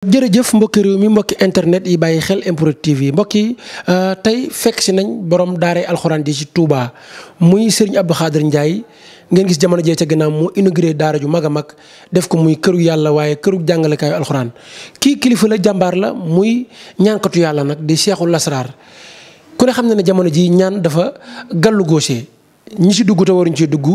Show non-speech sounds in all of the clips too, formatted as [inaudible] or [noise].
jërëjëf mbokki réew mi mbokki internet yi bàyyi xel MPROD yi mbokki euh, tey fekk si nañ borom daaree alxuraan ji ci Touba muy Serigne Abdou xaadar Ndiaye ngeen gis jamono jee ca ginnaaw moo inauguré daara ju mag a mag def ko muy këru yàlla waaye këru jàngalekaayu alxuraan kii kilifa la jàmbaar la muy ñaankatu yàlla nag di seexul lasraar ku ne xam na ne jamono ji ñaan dafa gàllu góosee ñi si dugg te waruñ ci dugg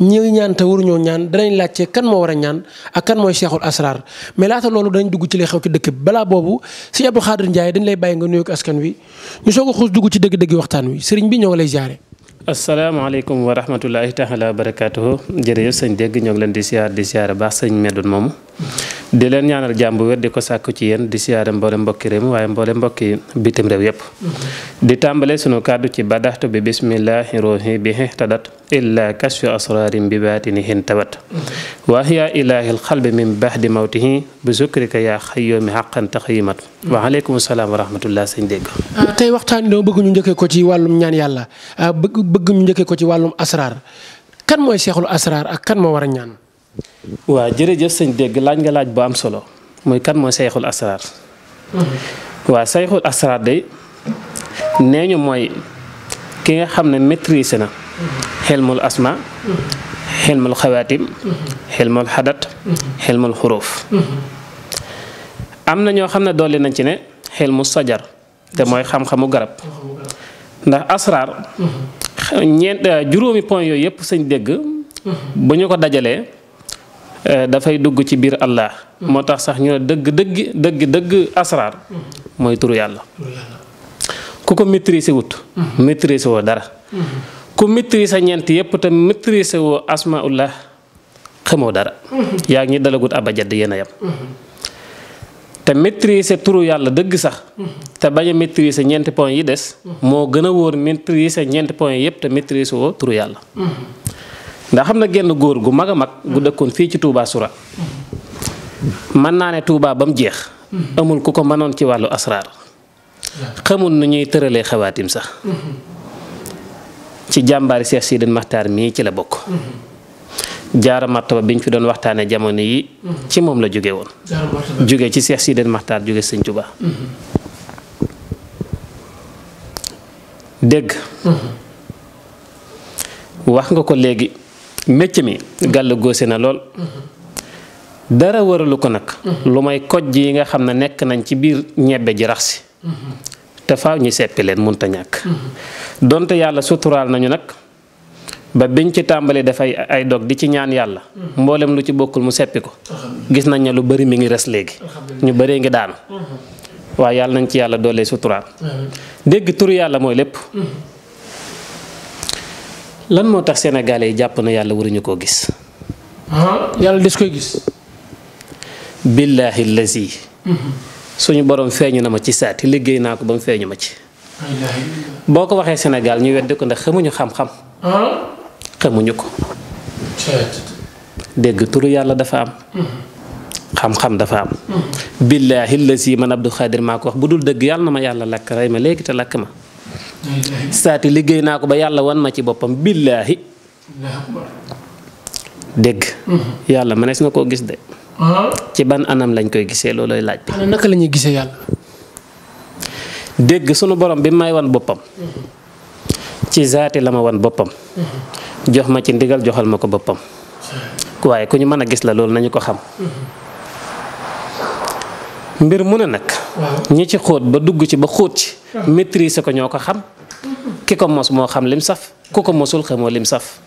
ñi ñaan te waruñoo ñaan danañ laajte kan moo war a ñaan ak kan mooy seexul asraar mais laata loolu danañ dugg ci lay xew ci dëkk bi balaa boobu sëñ Abdou Khadir Ndiaye dañ lay bàyyi nga nuyoog askan wi ñu soog a xuus dugg ci dëgg-dëgg waxtaan wi sëriñ bi ñoo ngi lay ziare. asalaamaaleykum wa rahmatulahi taala wa barakaatuhu jërëjëf sëñ dégg ñoo ngi leen di siyaar di siyaare baax sañ Medoune moomu di leen ñaanal jàmm bu wér ko sàkku ci yéen di siyaare mboole mbokki réew mi waaye mboole mbokki bitim réew yépp di tàmbale sunu kàddu ci badaxtu bi bismillahi ruuhi bi ihtadat illa kashfu asrarin bi baatinihin tawat wa hiya ilahil xalbi min baxdi mawtihi bu zukrika yaa xayyoo mi xaqan taxiyimat wa aleykum salaam wa rahmatullah sëñ dégg tey waxtaan dama ñu njëkkee ko ci wàllum ñaan yàlla ah, bëgg ñu njëkkee ko ci wàllum asrar kan mooy seexul asrar ak kan moo war a ñaan waaw jërëjëf sañ dégg laaj nga laaj bu am solo muy kan mooy sayxul asraar mhm. waaw sayxul asraar day nee ñu mooy ki nga xam ne maîtrise na mhm. xelmul asma mhm. xelmul xawaatim xelmul xadat xelmul xuróof am na ñoo xam ne dolli nañ ci ne xelmu sajar te mooy xam-xamu garab ndax asraar ñeent juróomi point yooyu yëpp sëñ dégg bu ñu ko dajalee Euh, dafay dugg ci biir allah mm-hmm. moo tax sax ñu ne dëgg dëgg dëgg dëgg asraar mm-hmm. mooy turu yàlla ku ko maîtriser wut mm-hmm. maîtriser woo dara ku maîtriser ñeent yépp te maîtriser woo asmaullah xamoo dara yaa ngi dalagut abajad yéen a yam te maîtriser turu yàlla dëgg sax te bañ a maîtriser ñeenti point yi des moo gën a wóor maîtriser ñeenti point yépp te maîtriser woo turu yàlla ndax xam na genn góor gu mag a mag gu dëkkoon fii ci Touba Soura mën naa ne Touba ba mu jeex amul ku ko mënoon ci wàllu asraar xamul nu ñuy tëralee xawaatim sax ci seex Cheikh Sidi Maxtaar mii ci la bokk jaara martaba biñ fi doon waxtaanee jamono yi ci moom la jóge woon jóge ci Cheikh Sidi Maxtaar jóge Sëñ Touba dégg mm-hmm. wax nga ko léegi mécc mi gàll góose na lool dara waralu ko nag lu may kojj yi nga xam ne nekk nañ ci biir ñebbe ji rax si te faaw ñu seppi leen munta ñàkk donte yàlla suturaal nañu nag ba biñ ci tàmbali dafay ay dog di ci ñaan yàlla mboolem lu ci bokkul mu seppi ko gis nañ ne lu bari mi ngi res léegi ñu bëree ngi daanu waaw yàlla nañ ci yàlla doole suturaal dégg turu yàlla mooy lépp lan moo tax sénégalais yi jàpp na yàlla waruñu koo gis. yàlla des koy gis. billaahi lazi mhm. suñu borom feeñu na ma ci saati liggéey naa ko ba mu feeñu ma ci. boo ko waxee Sénégal ñu weddi ko ndax xamuñu xam-xam. xamuñu ko. dégg turu yàlla dafa am. Mhm. xam-xam dafa am. Mhm. billaahi lazi man Abdou Khadir maa ko wax bu dul dëgg yàlla na ma yàlla lakk rey ma léegi te lakk ma. saati liggéey naa ko ba yàlla wan ma ci boppam billaahi dégg mm-hmm. yàlla mënees na koo gis de uh-huh. ci ban anam lañ koy gisee loolooy laaj bi lañuy gisee yàlla dégg sunu borom bi may wan boppam mm-hmm. ci zaati la ma wan boppam mm-hmm. jox ma ci ndigal joxal ma ko boppam waaye ku ñu mën a gis la loolu nañu ko xam mbir mu ne nag ñi ci xóot ba dugg ci ba xóot ci ah. maîtriser ko ñoo ko xam ki ko mos moo xam lim saf ku ko mosul xamoo lim saf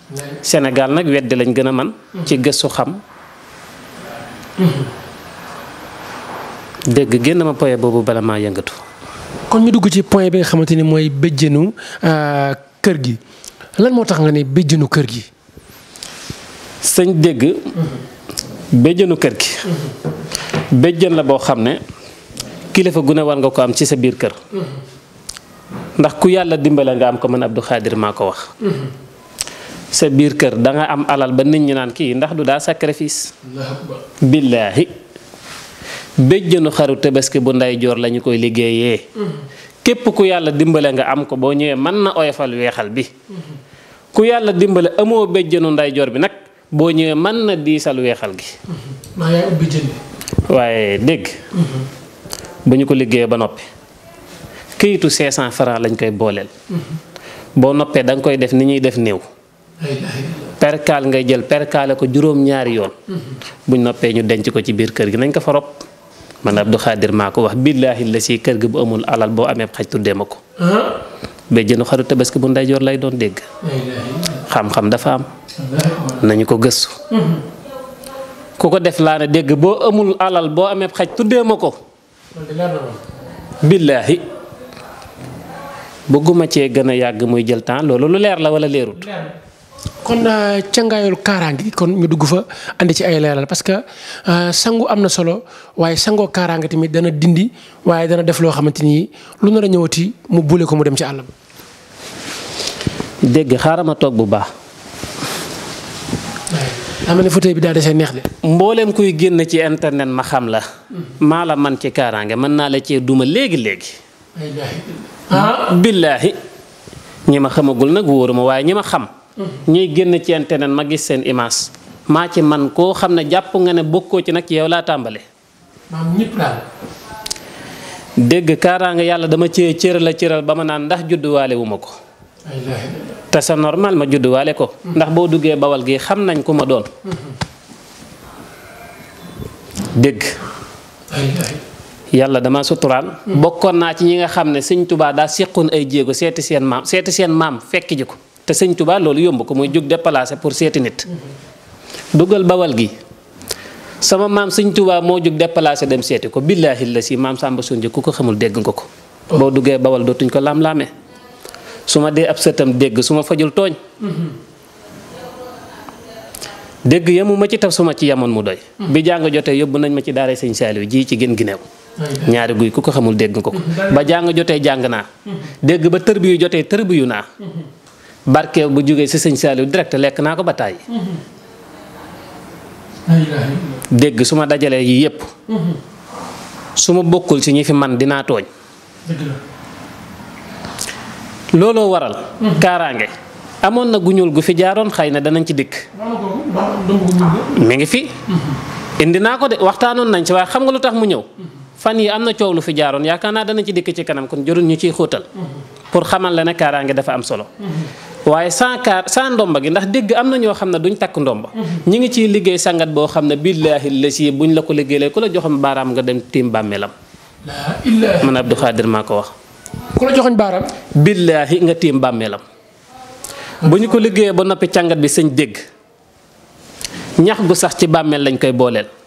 Sénégal nag weddi lañ gën a man ci gëstu xam dégg génn ma point boobu bala maa yëngatu kon ñu dugg ci point bi nga xamante ni mooy béjjënu euh, kër gi lan moo tax nga ne béjjënu kër gi sëñ dégg béjjënu kër gi béjjën la boo xam ne kilifa gu ne war nga ko am ci sa biir kër ndax ku yàlla dimbale nga am ko man Abdou Khadir maa ko wax. sa biir kër danga am alal ba nit ñi naan kii ndax du daa sacrifice. billaahi béjjënu xaru tabaski bu nday joor lañu koy liggéeyee. képp ku yàlla dimbale nga am ko boo ñëwee mën na oyofal weexal bi. ku yàlla dimbale amoo béjjënu nday joor bi nag boo ñëwee mën na diisal weexal gi. waaye dégg. Mhm. bu ñu ko liggéeyee ba noppi. këyitu 500 francs lañ koy booleel. boo noppee da koy def ni ñuy def néew. perkaal ngay jël perkaale ko juróom-ñaari yoon. buñ noppee ñu denc ko ci biir kër gi nañ ko fa rob. man Abdou Khadir maa ko wax billaahi la si kër gi bu amul alal boo amee xaj tuddee ko. ba jënu xaru bu ndeyjoor lay doon dégg. xam-xam dafa am. nañu ko gëstu. ku ko def laa ne dégg boo amul alal boo amee ko. billaahi bëgguma cee gën a yàgg muy jël temps loolu lu leer la wala leerut. kon euh, càngaayul kaaraange kon ñu dugg fa andi ci ay leeral parce que euh, sangu am na solo waaye sangoo kaaraange tamit dana dindi waaye dana def loo xamante ni lu nar a ñëwati mu bule ko mu dem ci àll ba. dégg xaaral ma toog bu baax. am na fauteuil bi daa desee neex de. mboolem kuy génn ci internet ma xam la. Mm. maa la man ci kaaraange mën naa la cee duma léegi léegi. billaahi ñi ma xamagul nag wóoruma waaye ñi ma xam ñuy génn ci internet ma gis seen imaas maa ci man koo xam ne jàpp nga ne bokkoo ci nag yow laa tàmbale dégg kaaraanga yàlla dama cee cëral a cëral ba ma naan ndax judduwaale ma ko te sa normal ma judduwaale ko mm-hmm. ndax boo duggee bawal gi xam nañ ku ma doon mm-hmm. dégg yàlla dama suturaan hmm. bokkoon naa ci ñi nga xam ne sëñ tubaa daa séqoon ay jéego seeti seen maam seeti seen maam fekk ji ko te sëñ tubaa loolu yomb ko muy jóg déplacé pour seeti nit hmm. dugal bawal gi sama maam sëñ tubaa moo jóg déplacé dem seeti ko billaahi la si maam Samba Sondiou ku ko xamul dégg nga ko oh. boo duggee bawal dootuñ ko lam-laame su ma dee ab sëtam dégg su ma fajul tooñ hmm. dégg yemuma ci taf su ma ci yemoon mu doy bi jàng jotee yóbbu ñaari guy ku ko xamul dégg nga ko ba jàng jotee jàng naa dégg ba tërbiyu jotee tërbiyu naa barke bu jógee si sëñ Saliou direct lekk naa ko ba tàyyi dégg su ma dajalee yii yépp su bokkul si ñi fi man dinaa tooñ looloo waral kaaraange amoon na gu ñuul gu fi jaaroon xëy na danañ ci dikk mi ngi fi indi naa ko de waxtaanoon nañ ci waaye xam nga lu tax mu ñëw fan yi am na coow lu fi jaaroon yaakaar naa dana ci dikk ci kanam kon jërul ñu ciy xóotal pour xamal la ne kaaraange dafa am solo waaye sans kaar sans ndomba gi ndax dégg am na ñoo xam ne duñ takk ndomba ñi ngi ciy liggéey sangat boo xam ne billaahi la bu buñ la ko liggéeyee ku la joxoon baaraam nga dem tiim bàmmeelam man Abdou ko wax ku la joxoñ baaraam billaahi nga tiim bàmmeelam bu ñu ko liggéeyee ba noppi càngat bi sëñ dégg ñax gu sax ci bàmmeel lañ koy booleel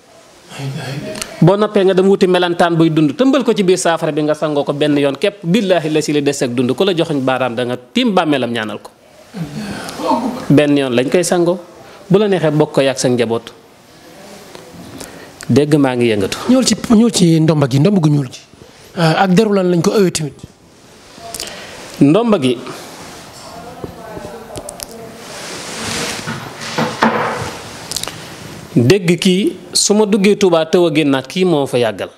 boo noppee nga dem wuti melantaan buy dund tëmbal ko ci biir saafara bi nga sangoo ko benn yoon képp billaahi la si li des ak dund ku la joxoñ baaraam da nga tiim bàmmeelam ñaanal ko benn yoon lañ koy sangoo bu la neexee bokk ko yàgg sa njaboot dégg maa ngi yëngatu. ñuul ci ñuul ci ndomba gi ndomb gu ñuul ci. Ah, ak deru lan lañ ko ëwee tamit. ndomba gi. dégg kii su ma duggee Touba tëw a génnaat kii moo fa yàggal.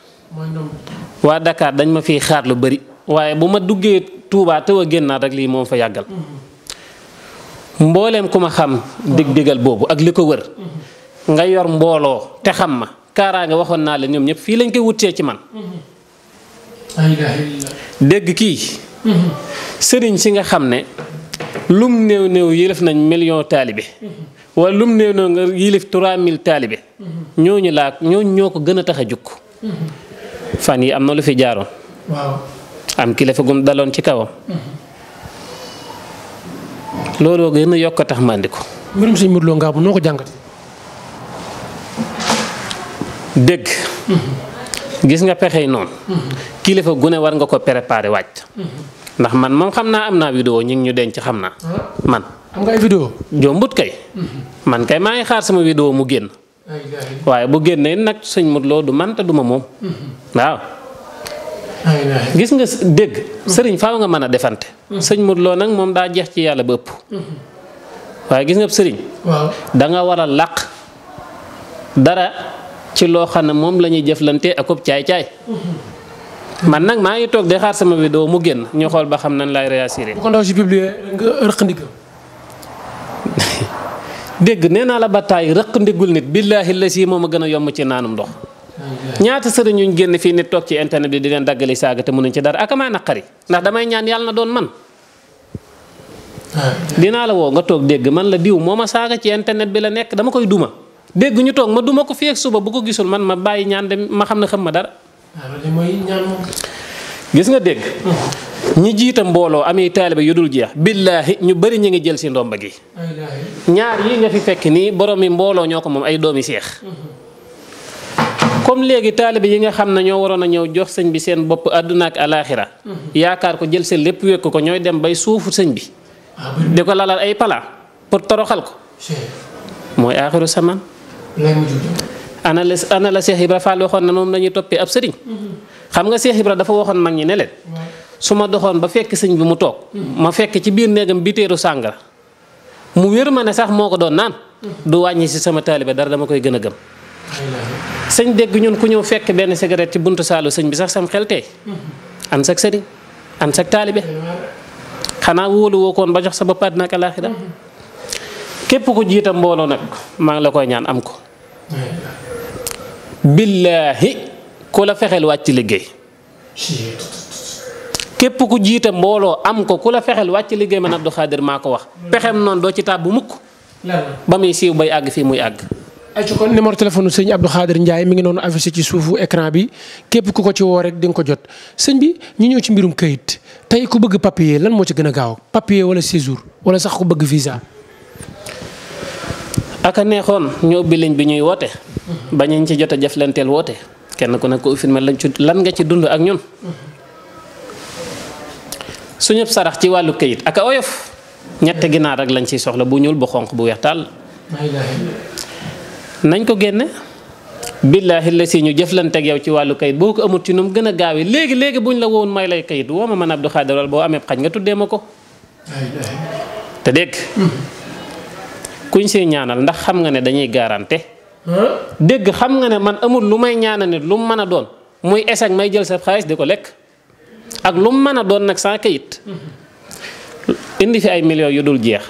waa dakaar dañ ma fiy xaar lu bari waaye bu ma duggee Touba tëw a génnaat rek lii moo fa yàggal. Mm-hmm. mbooleem ku ma xam dig-digal boobu ak li ko wër. Mm-hmm. nga yor mbooloo te xam ma kaaraange waxoon naa la ñoom ñëpp fii lañ koy wutee ci man. Mm-hmm. dégg kii. sëriñ si nga xam ne lum néew néew yëlëf nañ million taalibe. wala lum nee noo nga yilif 3000 taalibe ñooñu laa ñooñu ñoo ko gën a tax a jukk fan yi am na lu fi jaaroon am kilifa gum ci kawam looloo gën a yokk a nga pexey noonu kilifa war nga ko préparer wàcc ndax man moom xam naa am naa vidéo ñu ngi ñu xam naa ah. man am nga ay vidéo jombut kay. man kay maa ngi xaar sama vidéo mu génn. waaye bu génnee nag sëñ Modou Lo du man te du ma moom. Mm-hmm. waaw. gis nga dégg. Mm-hmm. sëriñ faaw nga mën a defante. Mm-hmm. sëñ Modou Lo nag moom daa jeex ci yàlla ba ëpp. waaye gis nga sëriñ. waaw da nga war a làq dara ci loo xam ne moom lañuy ñuy jëflante ak caay-caay. man nag maa ngi toog di xaar sama vidéo mu génn ñu xool ba xam nan laay réagir. bu ko dégg nee naa la ba taay rëq ndigul nit billaahi la sii moom a gën a yomb ci naanum ndox ñaata sa sëriñ yuñ génn fii nit toog ci internet bi di leen daggali saaga te mënuñ ci dara ak amaa naqari ndax damay ñaan yàlla na doon man dinaa la woo nga toog dégg man la diw moo ma saaga ci internet bi la nekk dama koy duma dégg ñu toog ma duma ko fii suba bu ko gisul man ma bàyyi ñaan dem ma xam ne xam ma dara gis nga dégg ñi jiita mbooloo amee taaliba yu dul jeex billaahi ñu bëri ñu ngi jël si ndomba gi. ñaar yi nga fi fekk nii borom yi mbooloo ñoo ko moom ay doomi seex. comme léegi taaliba yi nga xam ne ñoo waroon a ñëw jox sëñ bi seen bopp àdduna ak alaaxira yaakaar ko jël seen lépp wékk ko ñooy dem bay suufu sëñ bi. di ko lalal ay palaa pour toroxal ko. mooy aaxiru samaan ana la ana la Seex Ibra Faal waxoon na moom la toppee ab sëriñ. xam nga Seex Ibra dafa waxoon su ma doxoon ba fekk sëñ bi mu toog ma fekk ci biir néegam bitéeru sàngara mu wér ma ne sax moo ko doon naan du wàññi si sama taalibe dara dama koy gën a gëm sëñ dégg ñun ku ñëw fekk benn cigarette ci buntu saalu sëñ bi sax sam xel tey an sag sëriñ an sag taalibe xanaa wóolu koon ba jox sa bopp àddina ak alaaxira képp ku jiita mbooloo nag maa ngi la koy ñaan am ko billaahi ku la fexeel wàcc liggéey képp ku jiite mbooloo am ko ku la fexeel wàcc liggéey man Abdou Khadir maa ko wax. pexeem noonu doo ci tàbb mukk ba muy siiw bay àgg fii muy àgg. ayca kon numéro téléphone sëñ Abdou Khadir Ndiaye mi ngi noonu affiché ci suufu écran bi képp ku ko ci woo rek di nga ko jot sëñ bi ñu ñëw ci mbirum kayit tey ku bëgg papier lan moo ci gën a gaaw papier wala séjour wala sax ku bëgg visa. aka neexoon ñu ubbi lañ bi ñuy woote. Mhm. bañ ñu ci jot a jëflanteel woote kenn ku ne ko firme lañ ci lan nga ci dund ak ñun. Mhm. suñu sarax ci wàllu kayit ak a oyof ñette ginaar ak lañ ciy soxla bu ñuul bu xonq bu weex tàll nañ ko génne billaahi la si ñu jëflanteeg yow ci wàllu kayit boo ko amut ci nu mu gën a gaawee léegi léegi buñ la woon may lay kayit woo ma man Abdou Khadir boo amee xaj nga tuddee ma ko. te dégg. kuñ see ñaanal ndax xam nga ne dañuy garante dégg xam nga ne man amul lu may ñaanal nit lu mu mën a doon muy esañ may jël sa xaalis di ko lekk. ak lu mu mën a doon nag sans kayit indi fi ay millions yu dul jeex.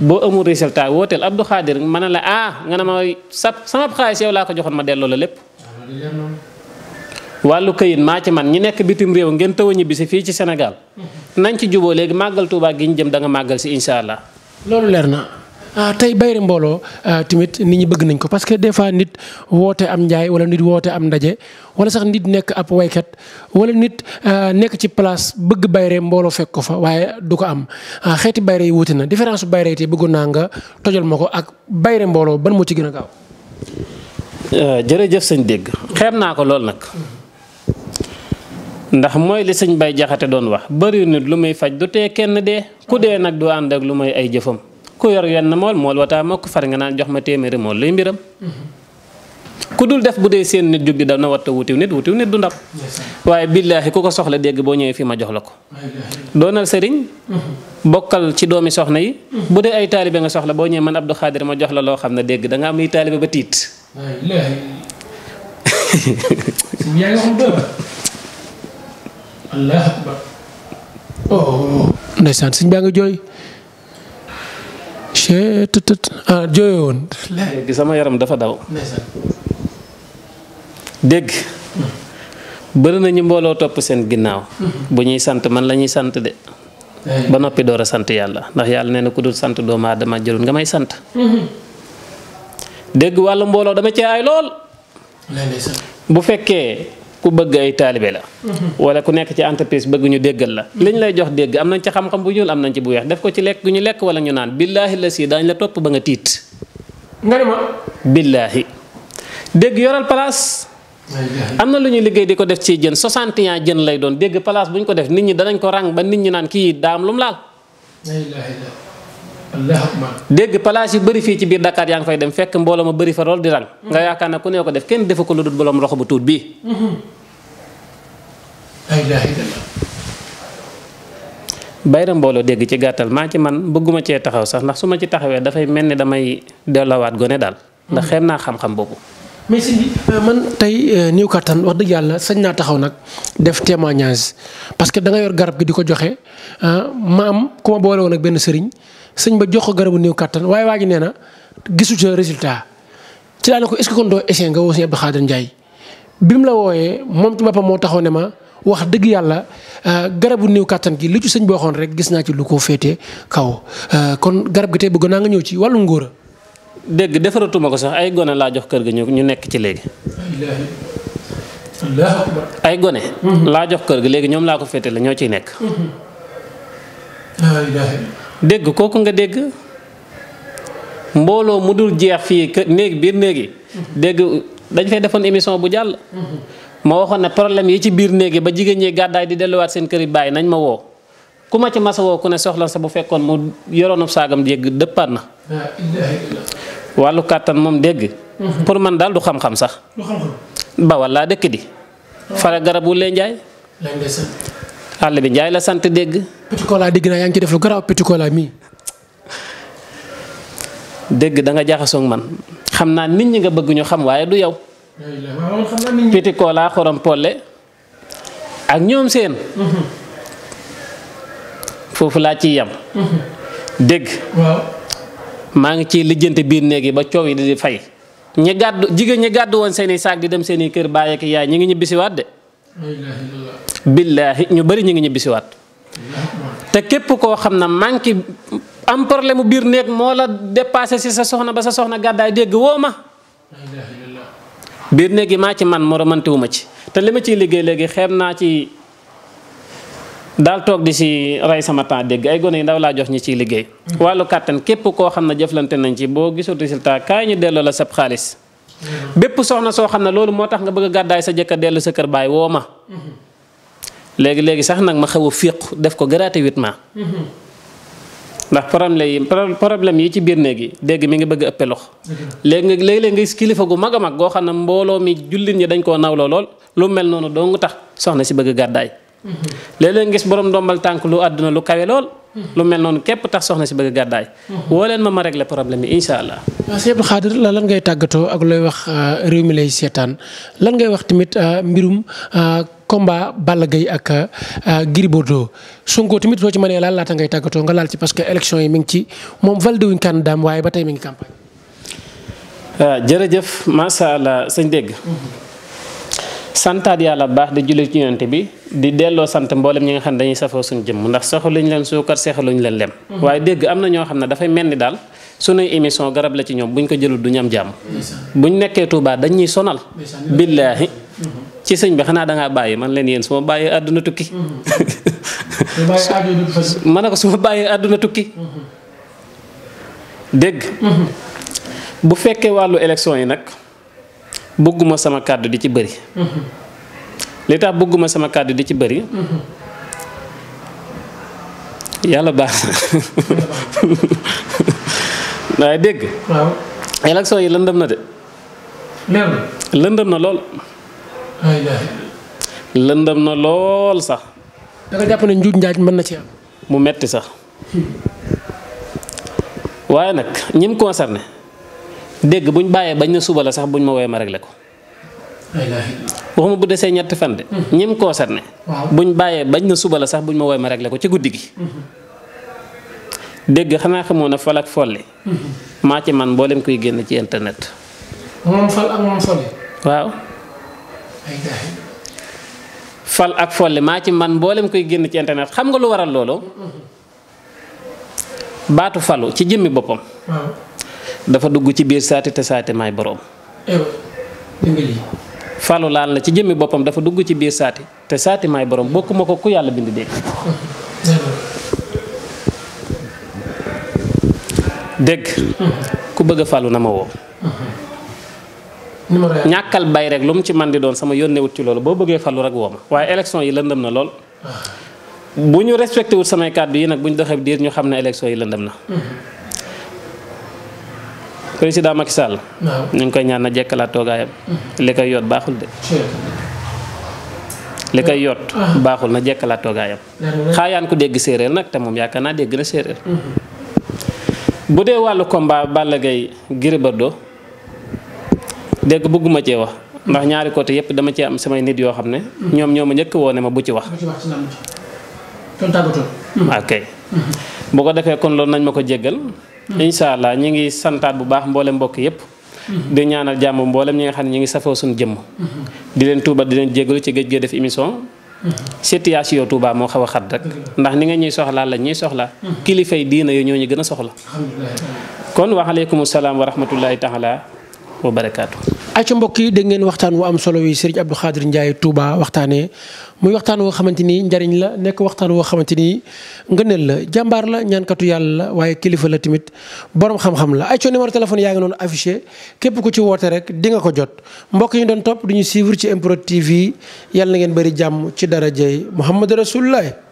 boo amul résultat wooteel Abdou Khadir ma ne la ah nga ne ma sa sama xaalis yow laa ko joxoon ma delloo la lépp. wàllu këyit maa ci man ñi nekk bitim réew ngeen taw a ñibbisi fii ci Sénégal. nañ ci juboo léegi màggal Tuubaa gi ñu jëm da màggal si incha allah. loolu leer na. Ah, tey bayre mbooloo ah, tamit nit ñi bëgg nañ ko parce que des fois nit woote am njaay wala nit woote am ndaje wala sax nit nekk ab waykat wala nit ah, nekk ci place bëgg bayre mbooloo fekk ko fa waaye du ko am xeeti bayre yi wuute na différence bayre yi tey bëggoon naa nga tojal ma ko ak bayre mbooloo ban moo ci gën a gaaw. jërëjëf sëñ dégg xeeb naa ko lool nag ndax mooy li sëñ bay jaxate doon wax bëri lu muy faj du te kenn dee ku dee nag du ànd ak lu may ay jëfam. ku yor yenn mool mool wataa mokk far nga naan jox ma téeméeri mool luy mbiram ku dul def bu dee seen nit jóg di dana watta wutiw nit wutiw nit du ndam waaye billaahi ku ko soxla dégg boo ñëwee fii ma jox la ko doonal sëriñ bokkal ci doomi soxna yi bu dee ay taalibe nga soxla boo ñëwee man Abdou Khadir ma jox la loo xam ne dégg danga am yi taalibe ba tiit [laughs] ndeysaan sëñ baa nga jooy chee tët tët sama yaram dafa daw. dégg. bëri na ñu mbooloo topp seen ginnaaw. bu ñuy sant man la ñuy sant de. Eh. ba noppi door a sant yàlla ndax yàlla nee na ku dul sant doomu aadama jëlul nga may sant. dégg wàllu mbooloo dama ci ay lool. bu fekkee. ku bëgg ay taalibe la wala ku nekk ci entreprise bëgg ñu déggal la liñ lay jox dégg am nañ ci xam-xam bu ñuul am nañ ci bu weex def ko ci lekk gu ñu lekk wala ñu naan billaahi la si daañ la topp ba nga tiit nga ne billaahi dégg yoral place am na lu ñu liggéey di ko def ci jën 61 jën lay doon dégg place bu ñu ko def nit ñi danañ ko ràng ba nit ñi naan kii daam lu laal dégg palaas yu bari fii ci biir Dakar yaa ngi fay dem fekk mbooloo ma bëri fa lool di rang mm-hmm. nga yaakaar ne ku ne ko def kenn defu ko lu dul boroom roxo bu tuut bii bayra mm-hmm. mbooloo dégg ci gàttal maa ci man bëgguma cee taxaw sax ndax su ma ci taxawee dafay mel ni damay delloowaat gone daal ndax mm-hmm. xem naa xam-xam boobu mais sëñ euh, man tey euh, néew kàttan wax dëgg yàlla sañ naa taxaw nag def témoignage parce que da nga yor garab gi di ko joxe ah, ma am ku ma boole woon ak benn sëriñ sëñ ba jox ko garabu néew kattan waaye waa ji nee na gisu ca résultat ne ko est ce nga woo sëñ Abdou Khadir bi mu la wooyee moom ci boppam moo taxaw ne ma wax dëgg yàlla ah, garabu néew kàttan gi li ci sëñ boo xoon rek gis naa ci lu ko féete kaw ah, kon garab gi tey bëgg naa nga ñëw ci wàllu ngóora. dégg defaratuma ko sax ay gone laa jox kër ga ñu ñu nekk ci léegi. ay gone. Mhm. laa jox kër gi léegi ñoom laa ko féetale ñoo ciy nekk. Mhm. dégg kooku nga dégg mbooloo mu dul jeex fii néeg biir néeg yi. Mhm. dégg dañ fay defoon émission bu jàll. ma waxoon ne problème yi ci biir néegi ba jigéen ñi gàddaay di delluwaat seen kër yi bàyyi nañ ma woo. ku ma ci masawoo ku ne soxla sa bu fekkoon mu yoroonub saagam dégg dëppaat na wàllu kàttan moom dégg mhm. pour man daal du xam-xam sax ba walla dëkk di oh. fara garab wu njaay àll bi njaay la sant dégg petit cola dégg naa yaa ngi def lu garaaw petit cola mii dégg da nga man xam naa nit ñi nga bëgg ñu xam waaye du yow petit xorom polle ak ñoom seen mhm. foofu laa ci yam dégg maa ngi ciy lijjante biir néeg yi ba coow yi di fay ñi gàddu jigéen ñi gàddu woon seeni saak di dem seeni kër bàyyi ak yaay ñu ngi ñibbisiwaat de billaahi ñu bari ñu ngi ñibbisiwaat te képp koo xam na manqué am problème mu biir néeg moo la dépassé si sa soxna ba sa soxna gàddaay dégg woo ma biir néeg yi maa ci man moromante ma ci te li ma ciy liggéey léegi xeeb naa ci daal toog di si rey sama temps dégg ay gone yi ndaw laa jox ñi ciy liggéey. wàllu kàttan képp koo xam ne jëflante nañ ci boo gisul résultat kaay ñu delloo la sab xaalis. bépp soxna soo xam ne loolu moo tax nga bëgg a gàddaay sa jëkk dellu sa kër baay woo ma. léegi léegi sax nag ma xaw a def ko gratuitement. ndax problème yi problème yi ci biir néegi yi dégg mi ngi bëgg a ëppe lox léegi léegi nga gis kilifa gu mag a mag goo xam ne mbooloo mi jullit ñi dañ koo nawloo lool lu mel noonu dong tax soxna si bëgg gàddaay léeg-léeg ngis borom ndombal tànk lu àdduna lu kawe lool. lu mel noonu képp tax soxna si bëgg gàddaay. woo leen ma ma régler problème yi incha allah. sëñ Abdou Khadre la lan ngay tàggatoo ak looy wax euh, réew mi lay seetaan lan ngay wax tamit euh, mbirum euh, combat Balla Gaye ak Gris Bordeaux Sonko tamit soo ci mënee laal laata ngay tàggatoo nga laal ci parce que élection yi mi ngi ci moom validé wuñ candidat am waaye ba tey mi ngi campagne. jërëjëf macha allah sëñ dégg. Mhm. bi. di delloo sant mboolem ñi nga xam ne dañuy safoo suñu jëmm ndax soxaluñ leen suukar soxaluñ leen lem mhm. waaye dégg am na ñoo xam ne dafay mel ni daal sunuy émission garab la ci ñoom buñ ko jëlul du ñu am jàmm buñ nekkee Touba dañ ñuy sonal billaahi mhm. ci sëñ bi xanaa danga bàyyi man leen yéen su ma bàyyee àdduna tukki mhm. [laughs] ma ne ko su ma bàyyee àdduna tukki dégg bu fekkee wàllu élection yi nag bëgguma sama kàddu di ci bari li tax bëgguma sama kàddu di ci bëri yàlla baax [laughs] waaye dégg élection yi lëndëm na de lëndëm na lool lëndëm na lool sax da jàpp ne njuuj njaaj mën na ci am mu metti sax waaye nag ñim concerné dégg buñ bàyyee bañ na suba la sax buñ ma woowee ma réglé ko waxuma bu desee ñetti fan de. Hmm. ñim concerné. buñ bàyyee bañ na suba la sax buñ ma woy ma réglé ko ci guddi gi. Hmm. dégg xanaa xamoo ne fal hmm. ak folli maa ci man mboolem koy génn ci internet. moom fal ak man mboolem kuy génn ci xam nga lu waral loolu. baatu falu ci jëmmi boppam. dafa dugg ci biir saati te saati maay boroom. falu laal na ci jëmmi boppam dafa dugg ci biir saati te saati maay borom bokkuma ko ku yàlla bind dégg dégg ku bëgg a falu na ma woo ñàkkal bay rek lu mu ci man di doon sama yónneewut ci loolu boo bëggee falu rek woo ma waaye élection yi lëndëm na lool ah. bu ñu respecté wut samay kàddu yi nag bu ñu doxee diir ñu xam ne élection yi lëndëm na mm-hmm. président Macky Sall. ñu ngi koy ñaan na jekkalaat toogaayam. Mm-hmm. li koy yoot baaxul de. li koy yoot ah. baaxul na jekkalaat toogaayam. xaayaan ku dégg séeréer nag te moom yaakaar naa dégg na séeréer. Mm-hmm. bu dee wàllu combat Balla Gaye Gris dégg bëgguma cee wax ndax ñaari côté yépp dama cee am samay nit yoo xam ne. Mm-hmm. ñoom ñoo ma njëkk woone ma bu ci wax. ok bu ko defee kon loolu nañ ma ko jéggal. incha allah ñi ngi santaat bu baax mboolem mbokk yépp mm-hmm. di ñaanal jàmm mboolem ñi nga xam ne ñi ngi safoo suñu jëmm mm-hmm. di leen tuuba di leen jégalu ci géej gee def émission mm-hmm. situation Touba moo xaw a xat rek ndax ni nga ñuy soxlaa la ñuy soxla kilifay diina yooyu ñoo ñu gën a soxla kon waaleykum salaam wa rahmatullahi taala wa barakaatu. ay ca mbokk yi dégg ngeen waxtaan wu am solo wi Serigne Abdou Khadir Ndiaye Touba waxtaanee muy waxtaan woo xamante ni njariñ la nekk waxtaan woo xamante ni ngëneel la jàmbaar la ñaankatu yàlla la waaye kilifa la tamit boroom xam-xam la ay ca téléphone yaa ngi noonu affiché képp ku ci woote rek di ko jot mbokk yi ñu doon topp du ñu suivre ci improtive TV yàlla na ngeen bëri jàmm ci darajay Muhammad Rasulullah